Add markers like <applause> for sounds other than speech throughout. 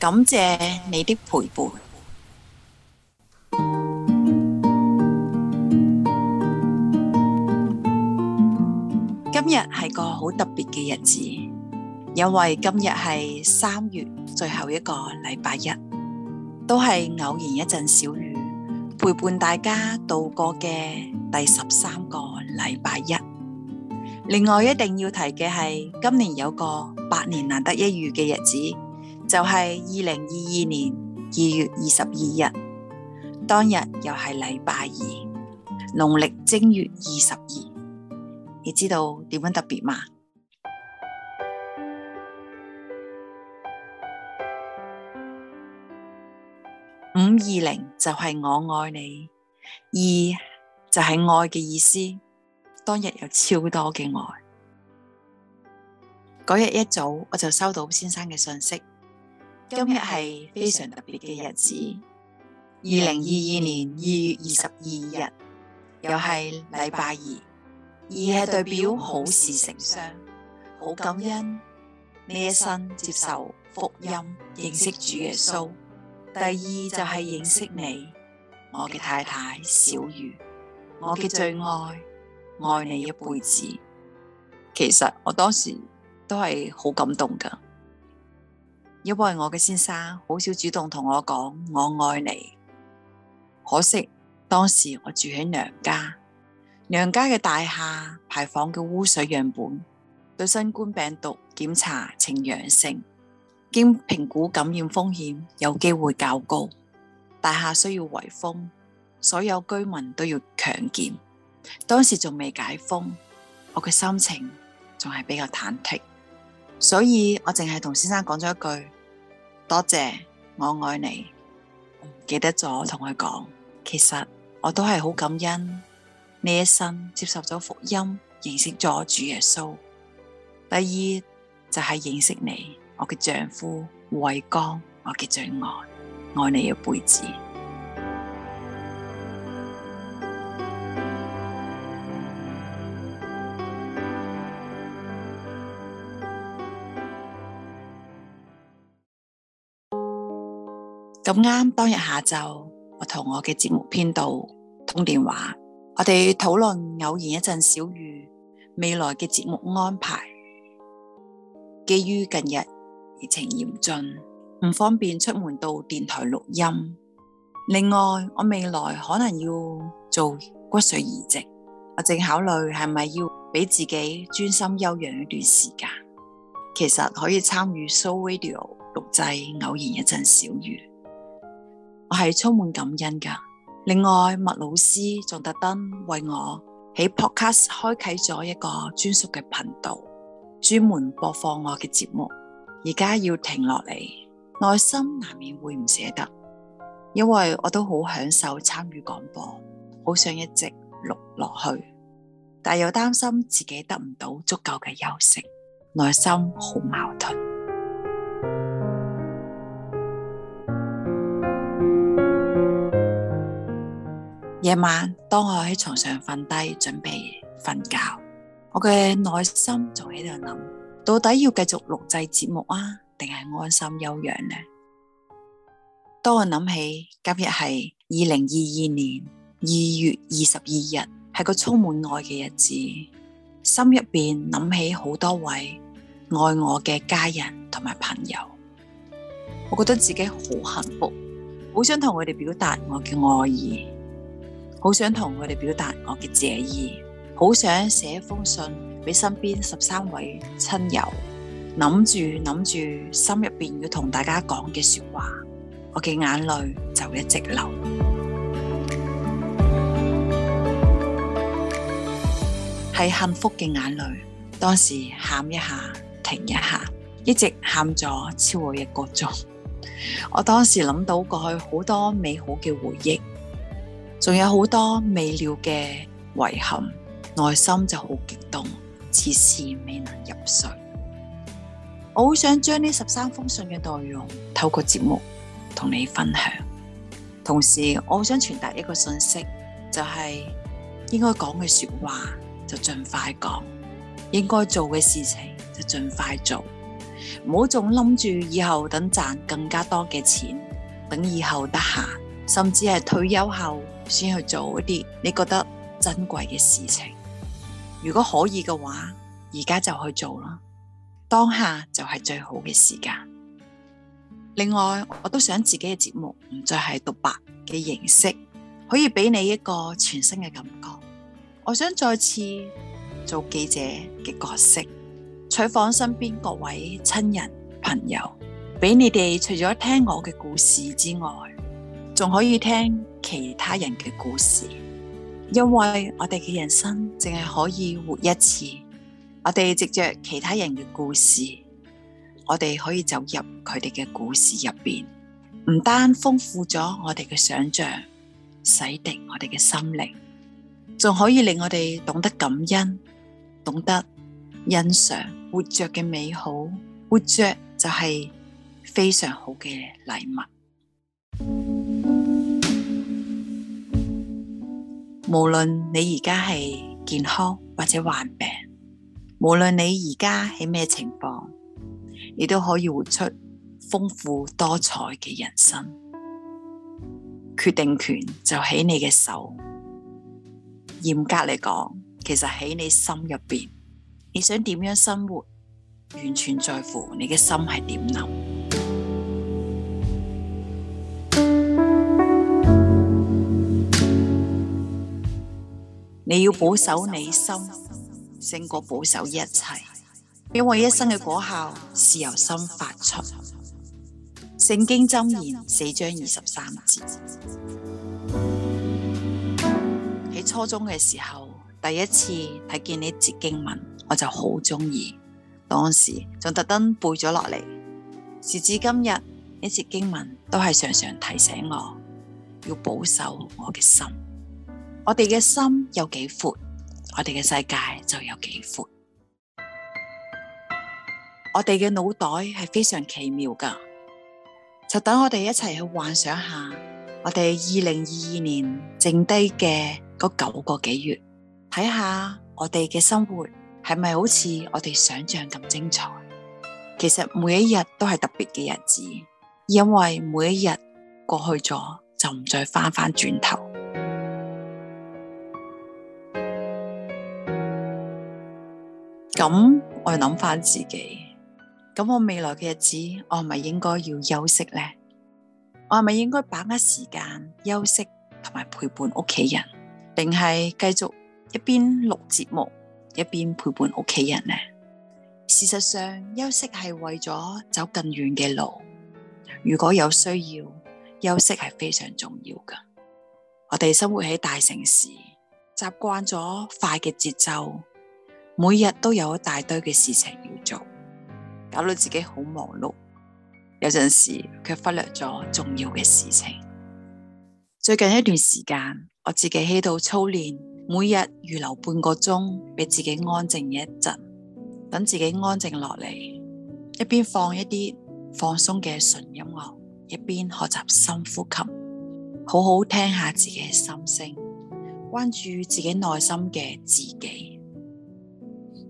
感謝你的陪伴。今日係個好特別嘅日子，因為今日係三月最後一個禮拜一，都係偶然一陣小雨陪伴大家度過嘅第十三個禮拜一。另外，一定要提嘅係，今年有個百年難得一遇嘅日子。就係二零二二年二月二十二日，當日又係禮拜二，農曆正月二十二，你知道點樣特別嗎？五二零就係我愛你，二就係愛嘅意思，當日有超多嘅愛。嗰日一早我就收到先生嘅信息。今日係非常特別嘅日子，二零二二年二月二十二日，又係禮拜二，二係代表好事成雙，好感恩呢一生接受福音認識主耶穌。第二就係認識你，我嘅太太小瑜，我嘅最愛，愛你一輩子。其實我當時都係好感動㗎。因為我嘅先生好少主動同我講我愛你，可惜當時我住喺娘家，娘家嘅大廈排放嘅污水樣本對新冠病毒檢查呈陽性，經評估感染風險有機會較高，大廈需要圍封，所有居民都要強檢。當時仲未解封，我嘅心情仲係比較忐忑，所以我淨係同先生講咗一句。多謝，我愛你。唔記得咗同佢講，其實我都係好感恩呢一生接受咗福音，認識咗主耶穌。第二就係、是、認識你，我嘅丈夫偉光，我嘅最愛，愛你一輩子。咁啱當日下晝，我同我嘅節目編導通電話，我哋討論偶然一陣小雨未來嘅節目安排。基於近日疫情嚴峻，唔方便出門到電台錄音。另外，我未來可能要做骨髓移植，我正考慮係咪要俾自己專心休養一段時間。其實可以參與 Show Video 錄製偶然一陣小雨。我係充滿感恩噶。另外，麥老師仲特登為我喺 Podcast 開啟咗一個專屬嘅頻道，專門播放我嘅節目。而家要停落嚟，內心難免會唔捨得，因為我都好享受參與廣播，好想一直錄落去，但又擔心自己得唔到足夠嘅休息，內心好矛盾。夜晚，當我喺床上瞓低準備瞓覺，我嘅內心仲喺度諗：到底要繼續錄製節目啊，定係安心休養呢？當我諗起今日係二零二二年二月二十二日，係個充滿愛嘅日子，心入邊諗起好多位愛我嘅家人同埋朋友，我覺得自己好幸福，好想同佢哋表達我嘅愛意。好想同佢哋表達我嘅謝意，好想寫一封信俾身邊十三位親友，諗住諗住心入邊要同大家講嘅說話，我嘅眼淚就一直流，係 <music> 幸福嘅眼淚。當時喊一下，停一下，一直喊咗超過一個鐘。我當時諗到過去好多美好嘅回憶。仲有好多未了嘅遺憾，內心就好激動，遲遲未能入睡。我好想將呢十三封信嘅內容透過節目同你分享，同時我好想傳達一個信息，就係應該講嘅說話就盡快講，應該做嘅事情就盡快做，唔好仲諗住以後等賺更加多嘅錢，等以後得閒，甚至係退休後。先去做一啲你覺得珍貴嘅事情。如果可以嘅話，而家就去做啦，當下就係最好嘅時間。另外，我都想自己嘅節目唔再係獨白嘅形式，可以俾你一個全新嘅感覺。我想再次做記者嘅角色，採訪身邊各位親人朋友，俾你哋除咗聽我嘅故事之外，仲可以聽。其他人嘅故事，因為我哋嘅人生淨係可以活一次，我哋藉着其他人嘅故事，我哋可以走入佢哋嘅故事入邊，唔單豐富咗我哋嘅想象，洗滌我哋嘅心靈，仲可以令我哋懂得感恩，懂得欣賞，活着嘅美好，活着就係非常好嘅禮物。無論你而家係健康或者患病，無論你而家係咩情況，你都可以活出豐富多彩嘅人生。決定權就喺你嘅手。嚴格嚟講，其實喺你心入邊，你想點樣生活，完全在乎你嘅心係點諗。你要保守你心，勝過保守一切，因為一生嘅果效是由心發出。聖經箴言四章二十三節。喺初中嘅時候，第一次睇見呢節經文，我就好中意，當時仲特登背咗落嚟。時至今日，呢節經文都係常常提醒我要保守我嘅心。我哋嘅心有幾闊，我哋嘅世界就有幾闊。我哋嘅腦袋係非常奇妙噶，就等我哋一齊去幻想下，我哋二零二二年剩低嘅嗰九個幾月，睇下我哋嘅生活係咪好似我哋想象咁精彩。其實每一日都係特別嘅日子，因為每一日過去咗就唔再翻翻轉頭。咁我諗翻自己，咁我未來嘅日子，我係咪應該要休息呢？我係咪應該把握時間休息，同埋陪伴屋企人，定係繼續一邊錄節目一邊陪伴屋企人呢？事實上，休息係為咗走更遠嘅路。如果有需要，休息係非常重要噶。我哋生活喺大城市，習慣咗快嘅節奏。每日都有一大堆嘅事情要做，搞到自己好忙碌。有陣時，佢忽略咗重要嘅事情。最近一段時間，我自己喺度操練，每日預留半個鐘俾自己安靜一陣，等自己安靜落嚟，一邊放一啲放鬆嘅純音樂，一邊學習深呼吸，好好聽下自己嘅心聲，關注自己內心嘅自己。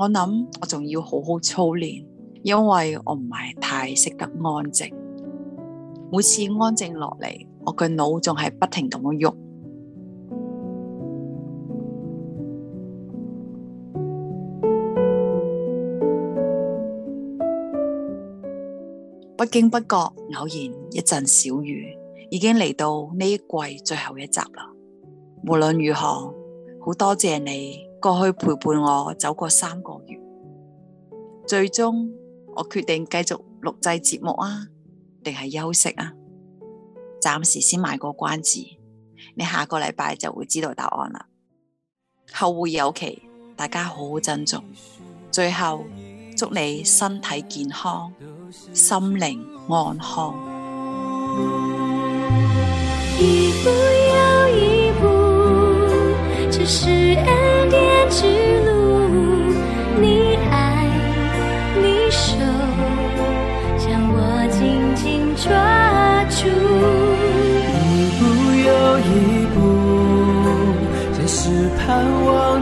我諗我仲要好好操練，因為我唔係太識得安靜。每次安靜落嚟，我嘅腦仲係不停咁樣喐。 <music> 不經不覺，偶然一陣小雨，已經嚟到呢一季最後一集啦。無論如何，好多謝你。過去陪伴我走過三個月，最終我決定繼續錄製節目啊，定係休息啊？暫時先買個關子，你下個禮拜就會知道答案啦。後會有期，大家好好珍重。最後祝你身體健康，心靈安康。一步又一步，只是。